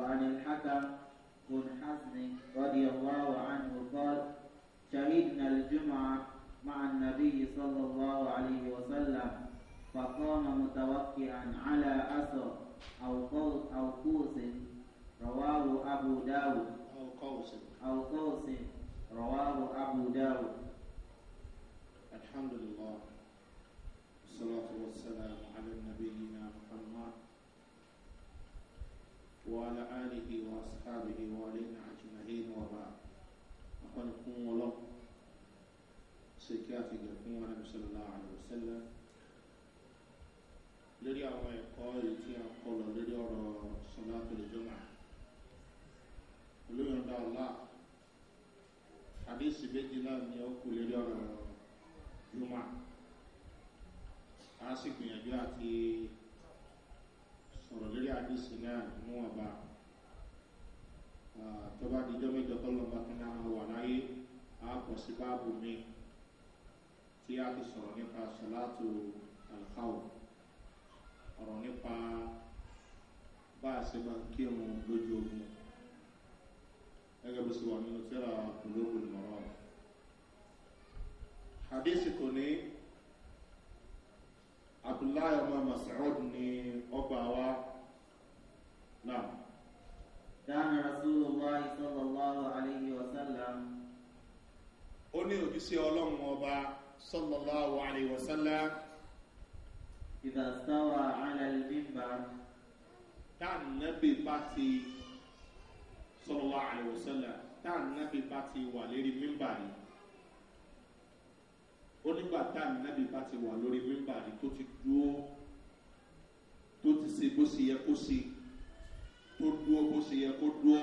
وعن الحكم بن حزم رضي الله عنه قال شهدنا الجمعة مع النبي صلى الله عليه وسلم فقام متوكئا على أسر أو قوس أو قوس رواه أبو داود أو قوس أو قوس رواه أبو داود الحمد لله والصلاة والسلام على نبينا محمد وعلى آله وأصحابه وعلينا أجمعين وبعد أخوان كون الله سيكافي كون النبي صلى الله عليه وسلم lórí àwọn ẹ̀kọ́ èyí tí a kọ lọ lórí ọ̀rọ̀ sọ́lá tó lè jọmọ̀ olóyìnbá ọ̀la àdéhùn méjì náà ni ó kú lórí ọ̀rọ̀ jọmọ̀ a sì gbìyànjú àti sọ̀rọ̀ lórí àdìsí náà níwọ̀nba tọ́ba àdìjọ́ mẹ́jọ tọ́lọ́ba tó náà wà láyé á pọ̀ sí báàbù mi tí a ti sọ̀rọ̀ nípa sọ̀láàtò àlùfáà ọ̀rọ̀ nípa bá a ṣe máa ń kírun lójú ogun gẹ́gẹ́ bó ṣe wà nínú tíra ológun mọ̀rọ̀ hadith tó ní abdullahi ọmọ masaud ní ọgbà wa. نعم كان رسول الله صلى الله عليه وسلم ó ní òjísé ọlọ́run ọba sọ́lọ́láwà àríwọ̀sánlá ìdàsáwà alàlẹ́bímbà táànàbì bá ti sọ́lọ́láwà àríwọ̀sánlá táànàbì bá ti wà lérí mímbà ni ó nígbà táànàbì bá ti wà lórí mímbà ni tó ti dúó tó ti se bó ṣe yẹ kó ṣe kó dúó bó ṣe yẹ kó dúó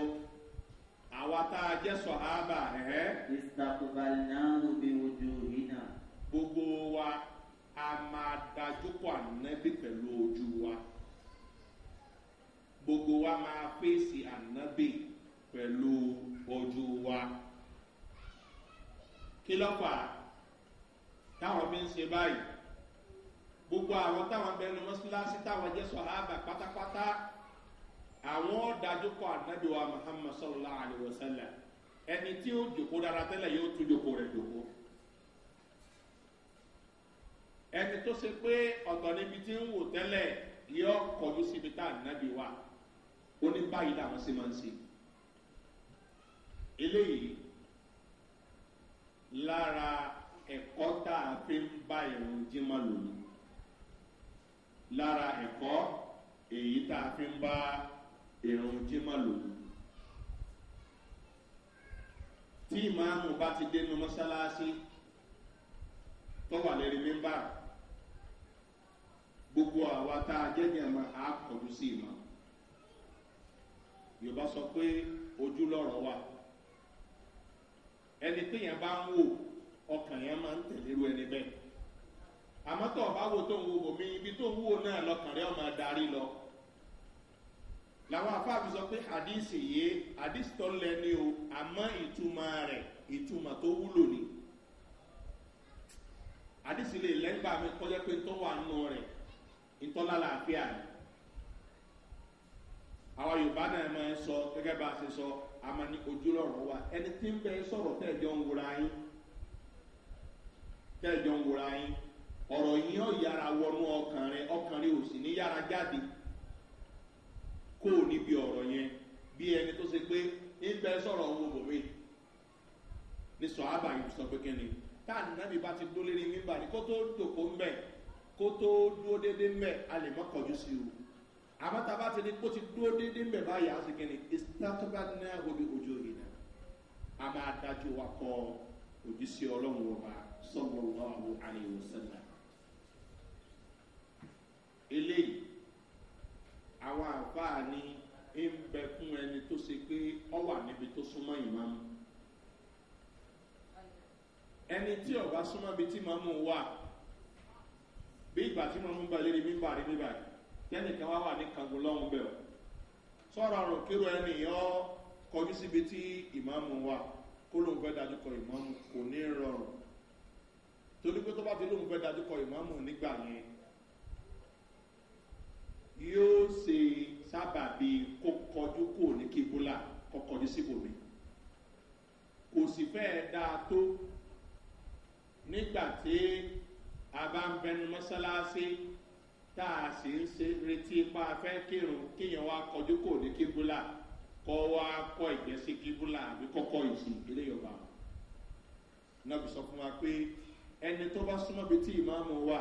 àwa tá a jẹ́ sọ̀hábà ẹ̀. ìsàkùbàlìyàwó bí ojú ìnà. gbogbo wa a máa dájú pọ̀ ànábì pẹ̀lú ojú wa gbogbo wa máa fèsì ànábì pẹ̀lú ojú wa kí ló fà á táwọn fi ń ṣe báyìí gbogbo àwọn táwọn bẹnu táwọn jẹ́ sọ̀hábà pátápátá àwọn dájúkọ anabiwa muhammad sallallahu alayhi wa sallam ẹni tí ó jòkó dára tẹ́lẹ̀ yóò tún jòkó rẹ̀ jòkó ẹni tó ṣe pé ọ̀tọ̀ níbi tí ń wò tẹ́lẹ̀ yóò kọjú síbi tá anabiwa ó ní báyìí làwọn sì máa ń ṣe eléyìí lára ẹ̀kọ́ tá a fi ń bá ìrùn jimá lòlù lára ẹ̀kọ́ èyí tá a fi ń bá. ìrun jimá lòlù tí ìmáàmù bá ti dénú mọ́sálásí tó wà gbogbo àwa a jẹ́ ní àmọ́ yorùbá sọ pé ojú lọ́rọ̀ wa ẹni tí yẹn bá ń wò ọkàn yẹn máa ń tẹ̀lé ru ẹni bẹ́ẹ̀ wo tó ń wo bòmí ibi tó ń wò náà lọkàn lọ. làwọn afáàfin sọ pé àdìsí yìí àdìsí tó lẹ ní o àmọ́ ìtumọ̀ rẹ̀ ìtumọ̀ tó wúlò ni àdìsí lè lẹ́gbà mi kọjá pé tó wà nù rẹ̀ ìtọ́lá làáfíà ni àwọn yorùbá náà máa ń sọ gẹ́gẹ́ bá a ṣe sọ a ní ojúlọ́rọ̀ wa ẹni tí ń bẹ sọ̀rọ̀ tẹ̀jọ́ ń wura yín tẹ̀jọ́ ń wura yín ọ̀rọ̀ yín ọ̀ yára wọnú ọkàn rẹ̀ ọkàn rẹ̀ ò sì ní yára jáde kó o níbi ọ̀rọ̀ yẹn bí ẹni tó ṣe pé ń bẹ sọ̀rọ̀ ohun bòmí ní sọ ábà yìí sọ pé kíni táàdì nábì bá ti dó lérí mímbà ní kó tó dòkó ń bẹ̀ kó tó dúró déédéé ń bẹ̀ a lè mọ́ kọjú sí o àmọ́ tá a bá ti ní kó ti dúró déédéé ń bẹ̀ á sì kíni ìsítátọ́bà náà omi ojú òye náà a máa dájú wa kọ òjísé ọlọ́run ọba sọ́gbọ̀n ọ̀hún àlè ìwòsàn náà eléyìí àwọn àfáà ni ń bẹ fún ẹni tó ṣe pé ọ wà níbi tó súnmọ́ ìmáàmù ẹni tí ọba súnmọ́ bíi tí màmú wà bí ìgbà tí màmú bá lérí mímbà rí mímbà tẹnìkan wá wà ní kangun lọ́hùn bẹ́ẹ̀ sọ̀rọ̀ àrùn kíró ẹni yọ kọjú síbi tí ìmáàmù wà kó lóun fẹ́ dájú kọ ìmáàmù kò ní rọrùn torí pé tó bá ti lóun fẹ́ dájú kọ ìmáàmù nígbà yẹn yóò ṣe sábàbí kó kọjú kò ní kíbúlà kó kọjú síbòmí kò sì fẹ́ẹ́ dáa tó nígbà tí a bá ń bẹnu mọ́sálásí tá a sì ń ṣe retí pa afẹ́ kírun kíyàn wá kọjú kò ní kíbúlà kọ́ wá kọ́ ìgbésí kíbúlà àbí kọ́kọ́ ìsìn ìpínlẹ̀ yorùbá náà sọ fún wa pé ẹni tó bá súnmọ́ bíi tí ìmáàmù wà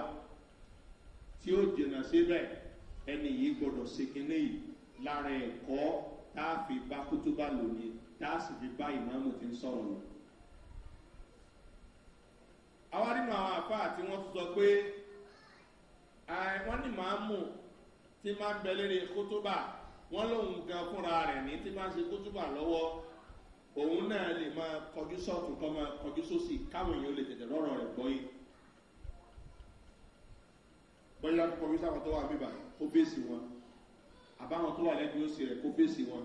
tí ó jìnnà síbẹ̀ ẹni yìí gbọdọ̀ ṣe kinní yìí lára ẹ̀kọ́ tá a fi bá kútúbà lónìí tá a sì fi bá ìmáàmù ti ń sọ̀rọ̀ lọ. àwa nínú àwọn àfáà tí wọ́n sọ pé wọ́n ní màámù tí máa ń bẹ lérí kútúbà wọ́n lóun gan fúnra rẹ̀ ní tí máa ń ṣe kútúbà lọ́wọ́ òun náà lè máa kọjú sọ́ọ̀tún kọ́ máa kọjú sósì káwọn èèyàn lè tètè lọ́rọ̀ rẹ̀ gbọ́ bọ́lá kọ̀mísà wọn tó wà bíbà kó bèsì wọn àbáwọn tó wà lẹ́gbẹ̀ẹ́ òsì rẹ̀ kó bèsì wọn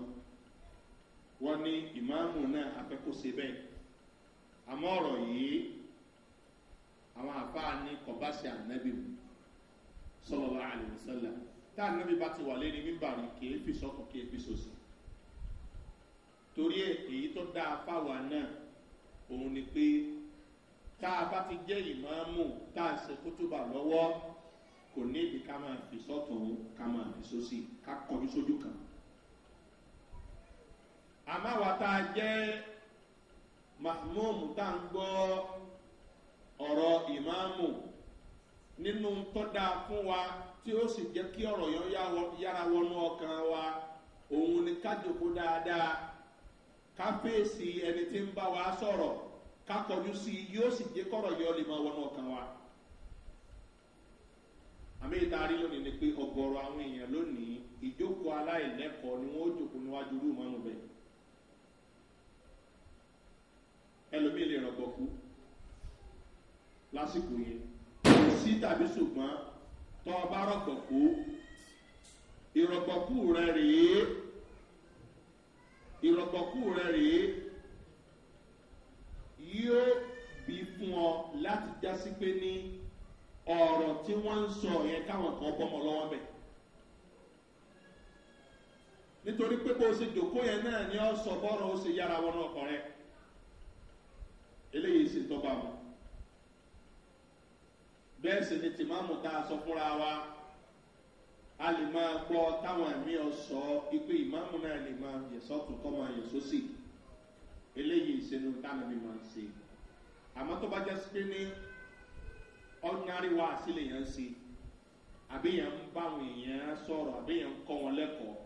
wọ́n ní ìmáàmù náà afẹ́kọ̀ọ́sẹ bẹ́ẹ̀ àmọ́ ọ̀rọ̀ yìí àwọn àbáà ní kọ̀báṣe ànábì mu sọlọ́lá àlùmọ́sálà tá ànábì bá ti wà lé ní mímbàrí kìí fi sọ́kàn kìí fi sòsì torí èyí tó dáa fáwa náà òun ni pé tá a bá ti jẹ́ ìmáàmù tá a ṣe kótóbà lọ́wọ́ ká máa fi sọ́tún ká máa fi sósì ká kọjú sójú kan àmọ́ wa tá a jẹ́ mahmum tá à ń gbọ́ ọ̀rọ̀ ìmáàmù nínú tọ́da fún wa tí ó sì jẹ́ kí ọ̀rọ̀ yẹn yára wọnú ọkàn wa òun ni ká jòkó dáadáa ká fèsì ẹni tí ń bá wa sọ̀rọ̀ ká kọjú sí i yóò sì jẹ́ kọ̀rọ̀ yẹn lè máa wọnú ọkàn wa àmì ìdarí lónìí ni pé ọgọrọ àwọn èèyàn lónìí ìjókòó aláìlẹ́kọ̀ọ́ ni wọ́n ó jókòó níwájú rúù mọ́nú bẹ́ẹ̀ ẹlòmíì lè rọ̀gbọ̀ kú lásìkò yẹn sí tàbí ṣùgbọ́n tọ́ ọ bá rọ̀gbọ̀ kú rẹ rèé ìrọ̀gbọ̀kú rẹ rèé yóò bí fún ọ láti jásí pé ní ọ̀rọ̀ tí wọ́n ń sọ yẹn káwọn kan bọ́mọ lọ́wọ́ bẹ̀. nítorí pé bó ṣe jòkó yẹn náà ni ọ sọ bọ́rọ̀ ó ṣe yára wọnú ọkàn rẹ eléyìí sì tọ́ bá bẹ́ẹ̀ sì ni tìmáàmù tá a sọ fúnra wa a lè máa gbọ́ táwọn ẹ̀mí ọ sọ ipe ìmáàmù náà lè máa yẹ̀sọ́ tó máa yẹ̀sọ́ sí eléyìí ìsinú tánàbí máa ń ṣe àmọ́ tó bá jẹ́ sí pé ní ordinary wa sílẹ̀ yẹn ń se àbí yẹn ń bá àwọn èèyàn sọ̀rọ̀ àbí yẹn ń kọ́ wọn lẹ́kọ̀ọ́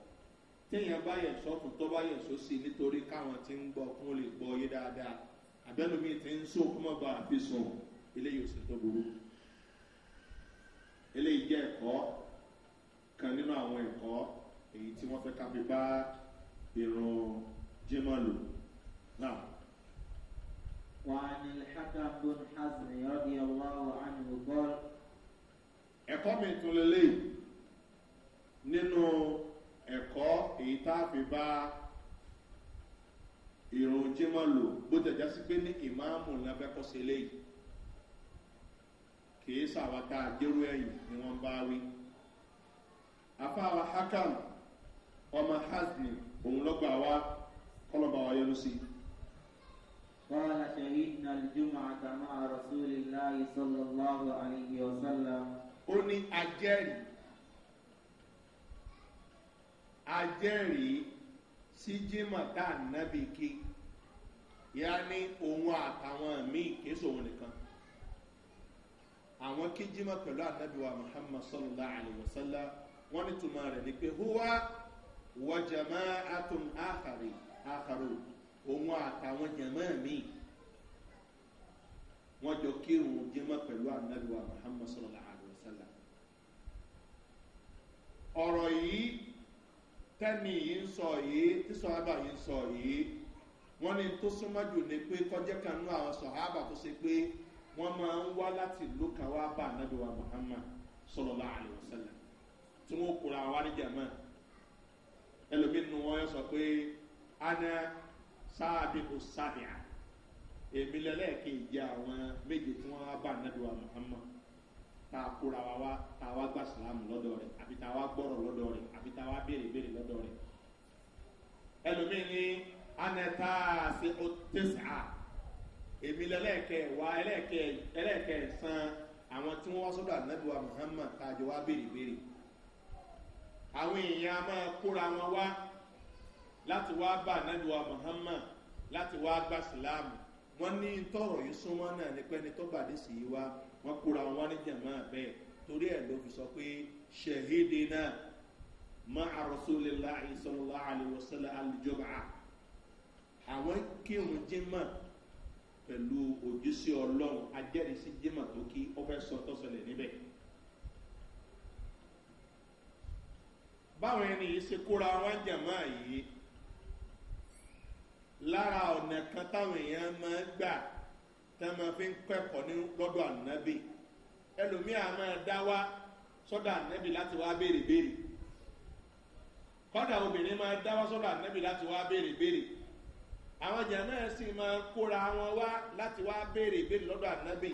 téèyàn bá yẹ̀ sọ́tún tó bá yẹ̀ sósì nítorí káwọn ti ń gbọ́ kún lè gbọ́ yé dáadáa àbẹ́lómi ti ń sọ kó má ba àfi sọ eléyìí ò sì tó burú eléyìí jẹ́ ẹ̀kọ́ kan nínú àwọn ẹ̀kọ́ èyí tí wọ́n fẹ́ ká fi bá irun jimá lò náà. وعن الحكم بن حزم رضي ẹ̀kọ́ mi tún lélẹ̀ nínú ẹ̀kọ́ èyí tá a fi bá ìrùn jimá lò bó jẹjẹ sí pé ní ìmáàmù lábẹ́kọ̀sẹ̀ lẹ́yìn kìí sàwátà jẹ́rú ẹ̀yìn ni wọ́n bá wí hakam ọmọ hasni òun lọ́gbà wa wa قال شهدنا الجمعة مع رسول الله صلى الله عليه وسلم أني أجري، أجري ajẹ́rìí sí jimata nabi kí yá ní òun àtàwọn míì kéésù òun nìkan àwọn kí jimá pẹ̀lú anabi wa muhammad sallallahu alayhi wa sallam wọ́n ní tuma rẹ̀ ni pé huwa wàjàmá atun ahari aharu òun àtàwọn jẹ̀mọ́ mi wọ́n jọ kírun jẹ́mọ́ pẹ̀lú anabiwa muhammad sallallahu alayhi wa sallam ọ̀rọ̀ yìí tẹ́mi yìí ń sọ yìí tí sọ̀hábà yìí ń sọ yìí wọ́n ní tó súnmọ́ jù ní pé kọjá kan nú àwọn sọ̀hábà tó ṣe pé wọ́n máa ń wá láti ìlú kan wá bá anabiwa muhammad sallallahu alayhi wa sallam tí wọ́n kura wa ní ẹlòmínú wọn yóò sọ pé ana sáàbì kò sáàbì à èmi lẹ́lẹ́ẹ̀kì ìjẹ́ àwọn méje tí wọ́n bá nàdúrà muhammad tá a kóra wa wá tá a wá gbà sàlámù lọ́dọ̀ rẹ̀ àbí tá a wá gbọ́rọ̀ lọ́dọ̀ rẹ̀ àbí tá a wá béèrè béèrè lọ́dọ̀ rẹ̀ ẹlòmíì ní anẹta ṣe o tẹsà èmi lẹ́lẹ́ẹ̀kẹ́ wa ẹlẹ́ẹ̀kẹ́ san àwọn tí wọ́n wá sọ́dọ̀ ànábìwá muhammad tá a jọ wá béèrè béèrè àwọn èèyàn máa kóra wọn wá láti wá bá ànábì wa muhammad láti wá gbà síláàmù wọ́n ní tọrọ yìí súnmọ́ náà ní pẹ́ni tó gbàdé sí i wá wọ́n kóra wọn ní jàmá bẹ́ẹ̀ torí ẹ̀ ló fi sọ pé ṣèhédé náà má àròsọlélá ìsọlọlá àlèwọsọlá àlùjọba àwọn kírun jimá pẹ̀lú ojúṣe ọlọ́run ajẹ́rìísí jimá tó kí ó fẹ́ sọ báwọn ẹni yìí ṣe kóra wọn jàmá yìí lára ọ̀nà kan táwọn èèyàn máa gbà tá máa fi ń kẹ́kọ̀ọ́ ní lọ́dọ̀ ànábì ẹlòmíà máa dá wá sọ́dọ̀ ànábì láti wá béèrè béèrè kọ́dà obìnrin máa dá wá sọ́dọ̀ ànábì láti wá béèrè béèrè àwọn jàǹdà sì máa kóra wọn wá láti wá béèrè béèrè lọ́dọ̀ ànábì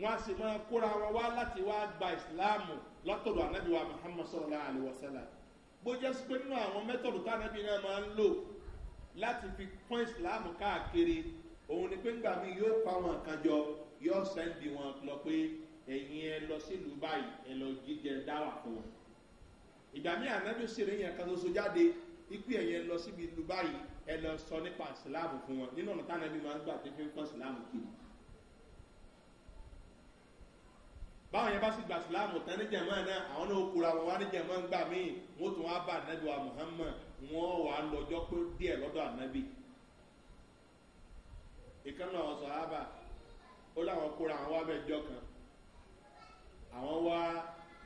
wọn a sì máa kóra wọn wá láti wá gba ìsìláàmù lọ́tọ̀dọ̀ ànábì wa muhammad sallallahu alayhi wa sallam bó jẹ́ sí pé nínú àwọn mẹ́tọ̀dù tá ànábì náà máa ń lò láti fi pọ́n ìsìláàmù káàkiri òun ni pé ńgbà mi yóò pa wọn kan jọ yóò sẹ́ndì wọn lọ pé ẹ̀yin ẹ lọ sílùú báyìí ẹ lọ jíjẹ dáwà fún wọn. ìgbà mi ànájú sì rí yẹn kan ṣoṣo jáde ikú ẹ̀yin ẹ lọ síbi ìlú báyìí ẹ lọ sọ nípa ìsìláàmù fún wọn nínú ọ̀nà táwọn ẹbí máa ń gbà tó fi ń pọ́n ìsìláàmù kiri. báwọn yẹn bá sì gbà ìsìláàmù tán níjàmá náà àwọn náà kura wọn wá níjàmá ń gbà wọn wà lọ́jọ́ pé díẹ̀ lọ́dọ̀ ànábì ìkànnà ọ̀sán ábà ó láwọn kóra àwọn wá mẹ́jọ kan àwọn wa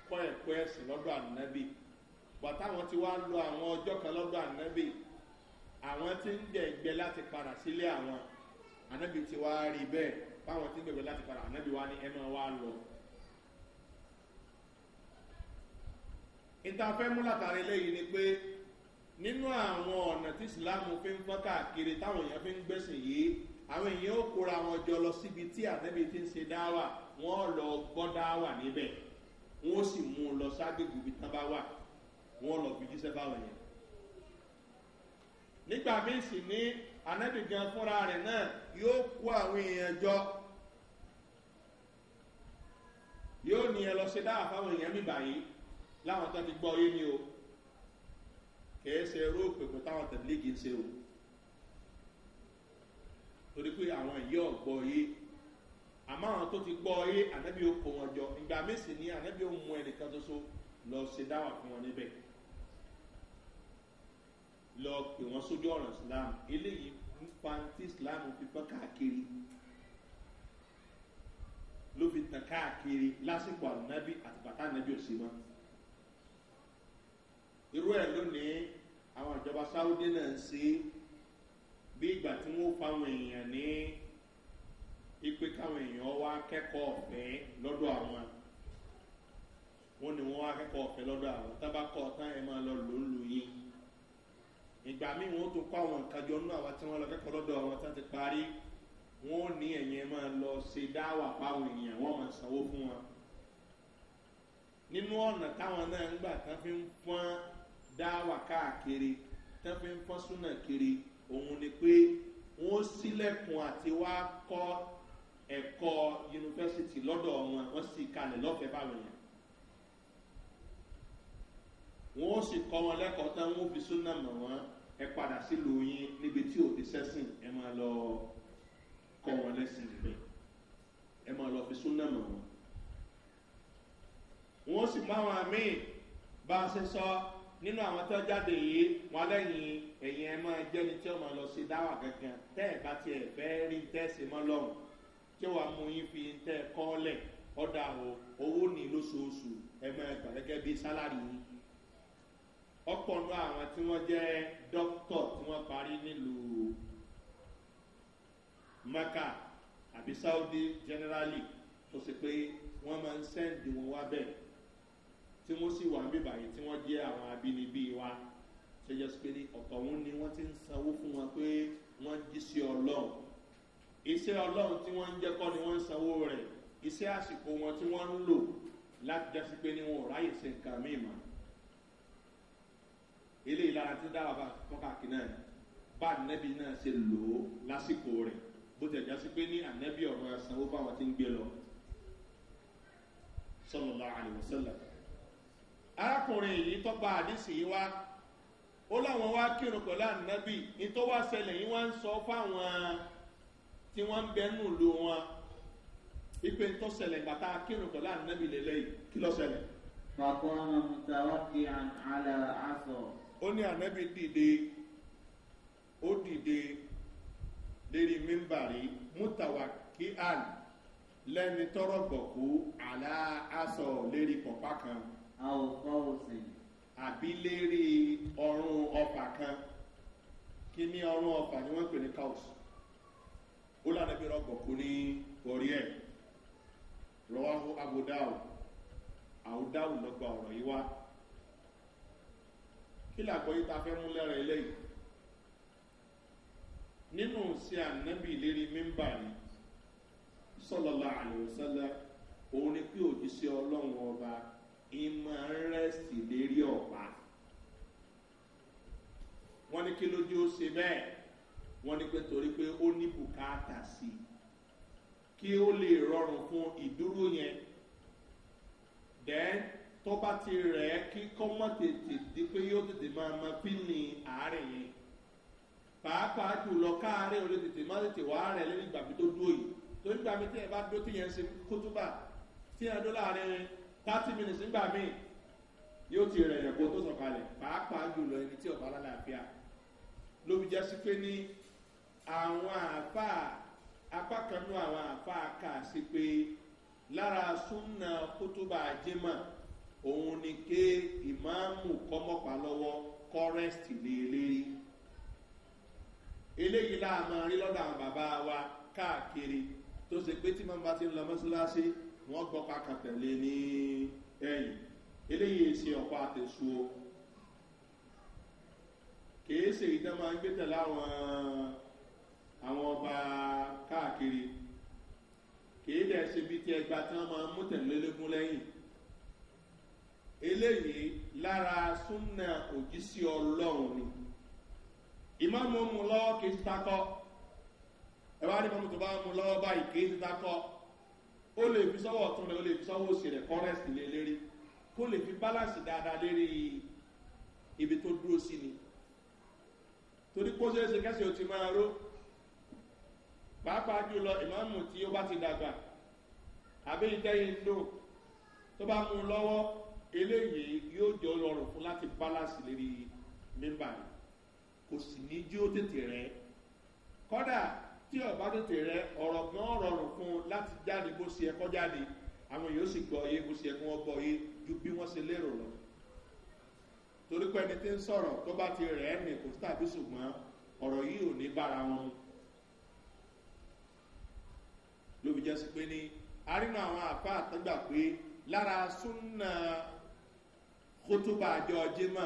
kọ ẹ̀kọ́ ẹ̀sìn lọdọ anabi bàtà wọn ti wá lo àwọn ọjọ́ kan lọdọ anabi àwọn ti ń gbẹ̀gbẹ́ láti padà sílé àwọn ànábì ti wá rí bẹ́ẹ̀ báwọn ti ń lati láti padà wa ni ní ẹ máa wá lọ. ìtafẹ́ mú látàrí lẹ́yìn ni pé. nínú àwọn ọ̀nà tí ìsìláàmù fi ń fọ́n káàkiri táwọn èèyàn fi ń gbẹ̀sìn yìí àwọn èèyàn ó kóra wọn jọ lọ síbi tí àtẹ́bí ti ń ṣe dáwà wọ́n lọ gbọ́ dáwà níbẹ̀ wọ́n ó sì mú un lọ ságbègbè ibi tán bá wà wọ́n lọ fi jíṣẹ́ báwọn yẹn. nígbà míì sì ní anábì gan fúnra rẹ̀ náà yóò kó àwọn èèyàn jọ yóò ní ẹ lọ ṣe dáwà fáwọn èèyàn mi báyìí láwọn tó ti gbọ́ yé ni o kìí ṣe eré òpèpè táwọn tẹ̀lẹ́gì ń ṣe o torí pé àwọn ìyé ọ̀gbọ́ yé àmọ́ àwọn tó ti gbọ́ yé ànábì ó kó wọn jọ ìgbà mẹ́sì ni ànábì ó mú ẹnìkan ṣoṣo lọ ṣe dáwà fún wọn níbẹ̀ lọ pè wọ́n sójú ọ̀rọ̀ islam eléyìí ń pa tí islam fi pọ́n káàkiri ló fi tàn káàkiri lásìkò ànábì àtìpàtà ànábì ò sí mọ́ irú ẹ̀ lónìí àwọn ìjọba sáwọ́dé náà ń ṣe bí ìgbà tí wọ́n fa àwọn èèyàn ní ipe káwọn èèyàn wá kẹ́kọ̀ọ́ ọ̀fẹ́ lọ́dọ̀ àwọn wọn ni wọ́n wá kẹ́kọ̀ọ́ ọ̀fẹ́ lọ́dọ̀ àwọn tábàkọ̀ tán ẹ̀ máa lọ lò ń lò yín ìgbà míì wọ́n tún kọ́ àwọn nǹkan jọ nínú àwọn tí wọ́n lọ kẹ́kọ̀ọ́ lọ́dọ̀ àwọn tán ti parí wọn ò ní ẹ̀yìn ẹ̀ máa lọ ṣe dáwà páwọn èèyàn wọ́n máa sanwó fún wọn nínú ọ̀nà táwọn náà ń gbà tán fi ń pọ́n dáwà káàkiri tán fi ń fọ́ súnà kiri òun ni pé wọ́n sílẹ̀kùn àti wá kọ́ ẹ̀kọ́ yunifásitì lọ́dọ̀ wọn wọ́n sì kalẹ̀ lọ́fẹ̀ẹ́ báwọn yẹn wọ́n sì kọ́ wọn lẹ́kọ̀ọ́ tán wọ́n fi súnà mọ̀ wọ́n ẹ padà sílùú yín níbi tí òde sẹ́sìn ẹ máa lọ kọ́ wọn lẹ́sìn níbẹ̀ ẹ máa lọ fi súnà mọ̀ wọ́n wọ́n sì máa wọn àmì bá a ṣe sọ. So, nínú àwọn tó jáde yìí wọn lẹ́yìn ẹ̀yìn ẹ̀ máa jẹ́ni tí ó máa lọ sí dáwà gangan tẹ́ ẹ̀ bá tiẹ̀ fẹ́ rí tẹ́sí mọ́ lọ́rùn tí wàá mú yín fi tẹ́ ẹ kọ́ lẹ̀ ọ̀dà o owó ní lóṣooṣù ẹ máa gbà gẹ́gẹ́ bí sálárì yín. ọ̀pọ̀ nù àwọn tí wọ́n jẹ́ dókítọ̀ tí wọ́n parí nílùú maka àbí saudi generally tó ṣe pé wọ́n máa ń sẹ́ǹdì wọn wá bẹ́ẹ̀ tí wọ́n sì wà bíbà yìí tí wọ́n jẹ́ àwọn abínibí wa ṣẹjọ́ sí pé ní ọ̀pọ̀ wọn ni wọ́n ti ń sanwó fún wọn pé wọ́n jí sí ọlọ́run iṣẹ́ ọlọ́run tí wọ́n ń jẹ́ kọ́ ni wọ́n ń sanwó rẹ̀ iṣẹ́ àsìkò wọn tí wọ́n ń lò láti jásí pé ní wọn ò ráyè ṣe nǹkan míì mọ́ eléyìí lára tí dára bá kọ́kàkì náà bá ànẹ́bí náà ṣe lò ó lásìkò rẹ̀ bó ti jásí pé ní ànẹ́bí ọ̀rọ̀ sanwó báwọn ti ń gbé lọ sọlọ́lá àlùmọ́sẹ́lẹ̀ arákùnrin yìí tọ́pa àdísì yìí wá ó láwọn wá kírun pẹ̀lú ànábì ní tó wá ṣẹlẹ̀ yìí wá ń sọ fáwọn tí wọ́n ń bẹnu ìlú wọn ipe tó ṣẹlẹ̀ gbàtà kírun pẹ̀lú ànábì lélẹ́yìí kí ló ṣẹlẹ̀. fàkọ́nà mùtàwákì àlà àṣọ. ó ní ànábì dìde ó dìde lérí mímbàrí mùtàwákì àlà lẹ́ni tọ́rọ̀ gbọ̀kú àlà àṣọ lérí pọ̀pá kan. àbí ọrụ ọrùn ọfà kan kí ní ọrùn ọfà ni wọ́n pè ní cows ó lànà bí rọgbọ̀ kú ní orí ẹ̀ lọ́gbà ọ̀rọ̀ yìí wá kí làgbọ́ yìí ta fẹ́ mú lẹ́rọ eléyìí nínú sí ànábì ọba ìmọ̀ rẹ̀sì lérí ọ̀pá wọ́n ní kí lójú ó ṣe bẹ́ẹ̀ wọ́n ní pé torí pé ó ní bùkátà sí i kí ó lè rọrùn fún ìdúró yẹn dẹ́n tó bá ti rẹ̀ ẹ́ kí kọ́ di pé yóò tètè máa mọ pínlì àárẹ̀ yẹn pàápàá jùlọ káàárẹ̀ ò lè tètè má tètè wá rẹ̀ lẹ́yìn ìgbàgbé tó dúró yìí torí gbàgbé tí ẹ bá dúró tí yẹn ń ṣe kótóbà tí yẹn dó láàrin thirty minutes nígbà míì yóò ti rẹ̀ yẹ̀kọ́ tó sọ̀kalẹ̀ pàápàá jùlọ ẹni tí ọ̀bá lálàáfíà ló fi jẹ́ sí pé ní àwọn àfa apá kan nú àwọn àfa kà sí pé lára súnà kótóbà jimá òun ni ké ìmáàmù kọ́mọ́pá lọ́wọ́ kọ́rẹ́sì lé e eléyìí eléyìí láàmú rí lọ́dọ̀ àwọn bàbá wa káàkiri tó ṣe pé tí màmá ti ń lọ mọ́ṣáláṣí wọ́n gbọ́ pàkà tẹ̀lé ní ẹ̀yìn eléyìí ṣe ọ̀pá àtẹ̀sù o kìí ṣe ìdán máa ń gbé tẹ̀lé àwọn àwọn ọba káàkiri kìí dẹ̀ ṣe bí ti ẹgbà tí wọ́n máa ń mú tẹ̀lé légún lẹ́yìn eléyìí lára súnà òjísí ọlọ́run ni ìmáàmù mú lọ́wọ́ kìí ti takọ́ ẹ wá ní mọ́mú tó bá mú lọ́wọ́ báyìí kìí ti takọ́ ó lè fi sọ́wọ́ ọ̀tún rẹ̀ ó lè fi sọ́wọ́ òsì rẹ̀ kọ́rẹ́sì lé lérí kó lè fi báláǹsì dáadáa lérí ibi tó dúró sí ni torí kó ṣeé ṣe kẹ́sì ó ti máa ró pàápàá jùlọ ìmáàmù tí ó bá ti dàgbà àbí ìtẹ́yìn lò tó bá mú un lọ́wọ́ eléyìí yóò jọ rọrùn fún láti báláǹsì lérí mímbà kò sì ní jí ó tètè rẹ̀ kọ́dà tí ọba tètè rẹ ọ̀rọ̀ kan rọrùn fún un láti jáde bó ṣe ẹkọ́ jáde àwọn èèyàn sì gbọ́ iye bó ṣe ẹkún wọn gbọ́ iye ju bí wọ́n ṣe lérò lọ torí pé ẹni tí ń sọ̀rọ̀ tó bá ti rẹ̀ ẹ́ nì kò tàbí ṣùgbọ́n ọ̀rọ̀ yìí ò ní bára wọn lóbi jẹ́ sí pé ní arínú àwọn àfa àtọ́gbà pé lára súnà kótóbà jimá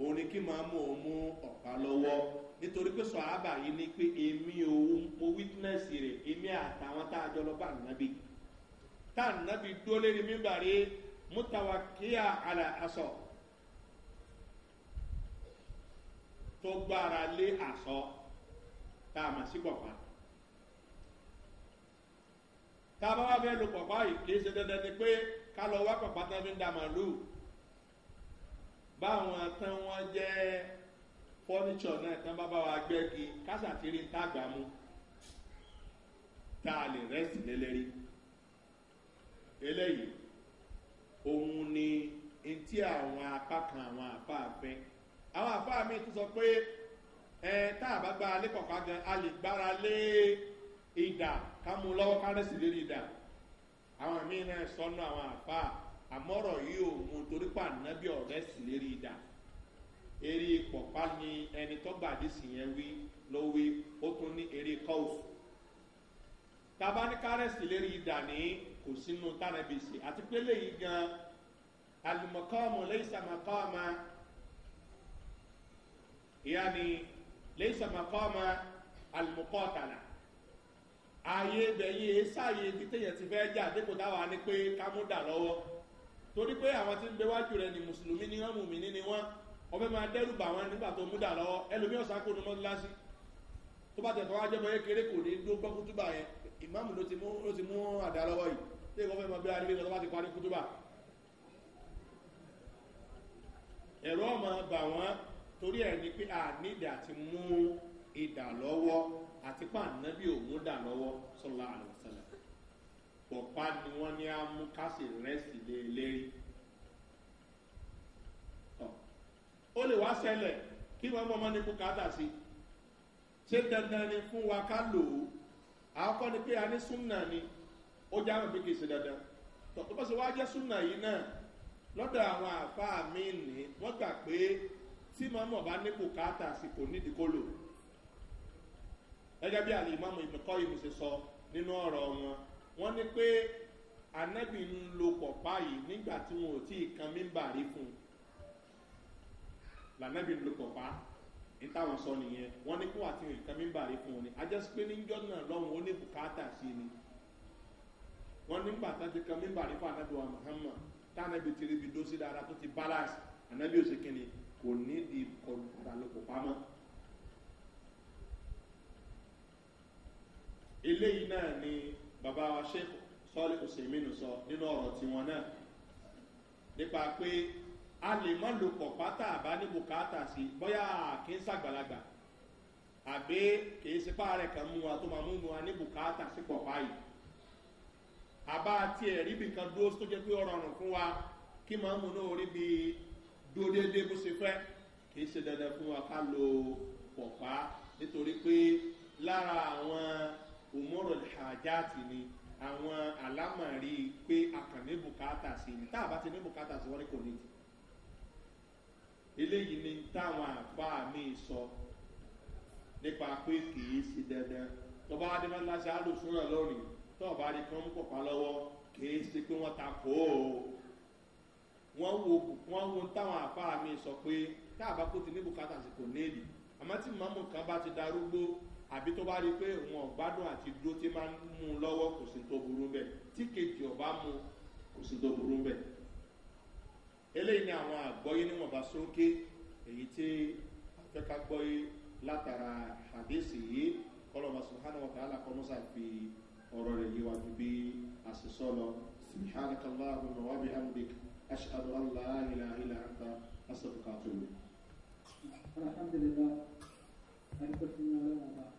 òun ni kí màá mú òun mú ọ̀pá lọ́wọ́ nítorí pé sọ̀hábà yìí ni pé èmi òun mo witness rẹ̀ èmi àtàwọn tá a jọ lọ bá nàbì tá a nàbì dúró lérí mímbà rí mútawà kíá àlà àṣọ tó gbára lé àṣọ tá a mà sí pọ̀pá tá a bá wá fẹ́ lo pọ̀pá yìí kì í ṣe dandan ni pé ká lọ wá pọ̀pá tán fi ń da màlúù báwọn tán wọ́n jẹ́ ẹ́. fọ́níṣọ̀ náà tán bá bá wa gbẹ́gi kásàtìrí tágbà mu tá a lè rẹ́sì lélẹ́rí eléyìí òun ni etí àwọn apá kan àwọn apá afẹ́ àwọn apá mi tún sọ pé ẹ tá a bá gba alẹ́ kọ̀ọ̀kan gan a lè gbára lé ìdà ká mú lọ́wọ́ ká rẹ́sì lérí ìdà àwọn míì náà sọnù àwọn apá àmọ́rọ̀ yìí ò mú torípa nàbí ọ̀rẹ́sì lérí ìdà. eri pọ̀pá ni ẹni tó gbàdí sí yẹn wí ló wí ó tún ní eré kọ́ọ̀sù tabanikárẹ́sì lérí ìdàní kò sínú tánàbìsì àti pé léyìí gan alimọ̀kọ́ọ̀mù lẹ́yìísàmọ̀kọ́ọ̀mà ìyá ni lẹ́yìísàmọ̀kọ́ọ̀mà alimọ̀kọ́ọ̀tàlà ààyè ibẹ̀yìn esáàyè títẹ̀yẹ̀ ti fẹ́ jà dípò táwa ni pé kámúdà lọwọ. torí pé àwọn tí ń gbé wájú rẹ ni mùsùlùmí ni wọ́n mùmí ní ni wọ́n. ọbẹ̀ máa dẹ́rù bà wọn nígbà tó múdà lọ́wọ́ ẹlòmí ọ̀sán kò ní mọ́ láti tó bá tẹ̀tọ́ wájẹ́ mọ́ kékeré kò ní dó gbọ́ kútúbà yẹn ìmáàmù ló ti mú àdá lọ́wọ́ yìí tí ìwọ́n fẹ́ mọ́ bí arígbé tó bá ti parí kútúbà ẹ̀rọ ọmọ bà wọn torí ẹ̀ ni pé ànídà ti mú ìdà lọ́wọ́ àti pàǹdà bí òun dà lọ́wọ́ sọ́lá àlùsọ̀lá pọ̀pá ni wọ́n ní á mú kásì rẹ́sì lé lérí ó lè wá sẹlẹ̀ kí wọ́n mọ́mọ́ ní sí ṣé dandan ni fún wa ká lò ni pé a ní súnà ni ó já àwọn bí kì í ṣe dandan tọ̀tọ̀ ṣe wá jẹ́ súnà yìí náà lọ́dọ̀ àwọn àfáà mi nì wọ́n gbà pé tí mọ́mọ́ bá ní bùkátà sí kò nídìí kó lò gẹ́gẹ́ bí àlè yìí ṣe sọ nínú ọ̀rọ̀ wọn wọ́n lo nígbà kan rí fún lànàbí ló kọ̀ pa ìtàwọn sọ nìyẹn wọn ní kó àti nǹkan mímbàrí fún wọn ni ajẹ́sí pé níjọ́ náà lọ́hùn ó ní bùkátà sí ni wọn nígbà tájú kan mímbàrí fún anábì wa muhammad tánàbì tìrì bi dó sí dára tó ti balance anábì òsè kínní kò ní di kọlu padà ló kọ̀ pamọ́. eléyìí náà ni Baba wa sheikh sọ́ọ́lì ọ̀sẹ̀ mi nù sọ nínú ọ̀rọ̀ tiwọn náà nípa pé a lè mọ́ lò pọ̀ pátá àbá ní bùkátà sí bóyá kì í sàgbàlagbà àbí kì í sepá rẹ̀ kan mú wa tó máa mú wa ní bùkátà sí pọ̀ báyìí àbá tiẹ̀ ríbi kan dúró tó jẹ́ pé ọ̀rọ̀ ọ̀rùn fún wa kí máa mú náà rí bi dúró déédéé bó ṣe fẹ́ kì í ṣe dandan fún wa ká lo pọ̀pá nítorí pé lára àwọn òmùrọ̀ àjáàtì ni àwọn àlámọ̀rí pé a kàn ní bùkátà sí ni tá a ti ní bùkátà sí wọ́n ní kò ní eléyìí ni táwọn àfáà mi sọ nípa pé kìí ṣe dandan tọba adémọlásí alùsùnà lónìí tọba adékan ń pọpá lọwọ kìí ṣe pé wọn ta kó o wọn wo wọn wo táwọn àfáà mi sọ pé káàbá kó ti ní bùkátà sí kò nílì àmọ́ tí màmú kan bá ti darúgbó àbí tó bá rí i pé òun ọ̀gbádùn àti dúró tí máa ń mú un lọ́wọ́ kò sí tó burú bẹ́ẹ̀ tí kejì ọ̀bá mu kò sí tó burú bẹ́ẹ̀ eléyìí ni àwọn àgbọ́yé níwọ̀nba sókè èyí tí afẹ́ká gbọ́yé látara àdéṣe yìí kọlọ́mà subhanahu wa ta'ala kọ́mọ́sà fi ọ̀rọ̀ rẹ̀ yíwa ju bí àṣìṣọ́ lọ subhanaka allahumma wa bi hamdik ashhadu an la ilaha illa anta astaghfiruka wa atubu ilayk alhamdulillah ani ko